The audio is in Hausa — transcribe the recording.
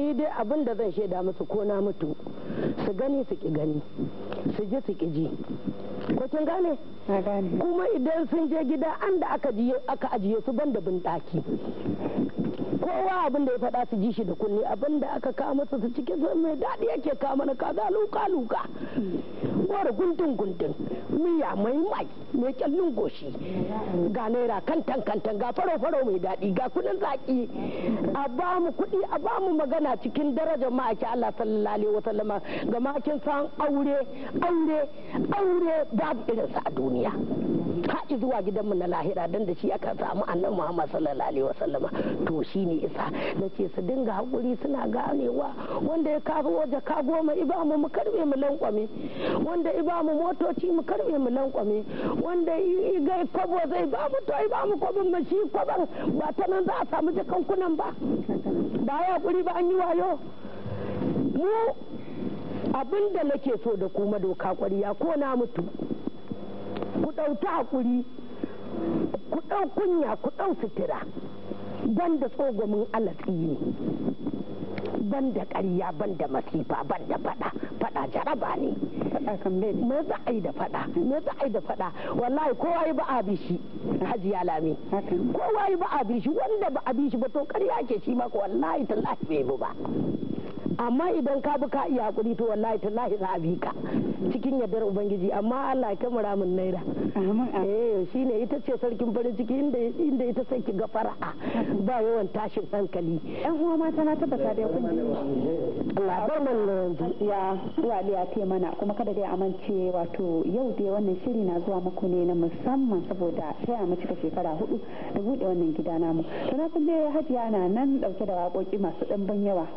ni dai abin da zan shaida musu ko na mutu su gani su ki gani su ji su ki ji ko kin gane kuma idan sun je gida an da aka aka ajiye su banda bin daki kowa abin da ya faɗa su ji shi da kunne abin da aka kawo masa su cike su mai daɗi yake kawo mana kaza luka luka gora guntun guntun miya mai mai mai kyallin goshi ga naira kantan kantan ga faro faro mai daɗi ga kudin zaki a ba mu kuɗi a ba mu magana cikin daraja ma'aiki Allah sallallahu alaihi wasallama gama kin san aure aure aure babu irinsa a duniya haɗi zuwa gidanmu na lahira don da shi aka samu annabi muhammad sallallahu alaihi wasallama to shi ne isa na ce su dinga hakuri suna ganewa wanda ya kafa waje ka goma ibamu mu karbe mu lankwame wanda ibamu motoci mu karbe mu lankwame wanda ga kwabo zai ba mu to ibamu kwabin mu shi kobar ba ta nan za a samu jakankunan ba ba ya hakuri ba an yi wayo mu abin da nake so da kuma doka kwariya ko na mutu ku ɗauki ƙuri ku ɗau kunya ku ɗau sutura ban da tsogomin alatsi ne ban da ƙarya ban da masifa ban da faɗa faɗa jaraba ne me za a yi da faɗa me za a yi da faɗa wallahi kowa yi ba a bi shi ya lami kowa yi ba a bi shi wanda ba a bi shi ba to ƙarya ke shi maka wallahi tallahi bai bu ba amma idan ka bi ka iya hakuri to wallahi tallahi za a bi ka cikin yardar ubangiji amma Allah ya kamara min naira eh shine ita ce sarkin farin ciki inda inda ita sai ga fara'a ba yawan tashin hankali yan uwa mata na tabbata da kun Allah bar mun ya zuwa ya ce mana kuma kada dai amince wato yau dai wannan shiri na zuwa muku ne na musamman saboda sai a cika shekara hudu da bude wannan gida namu to na san dai hajiya na nan dauke da wakoki masu ɗimbin yawa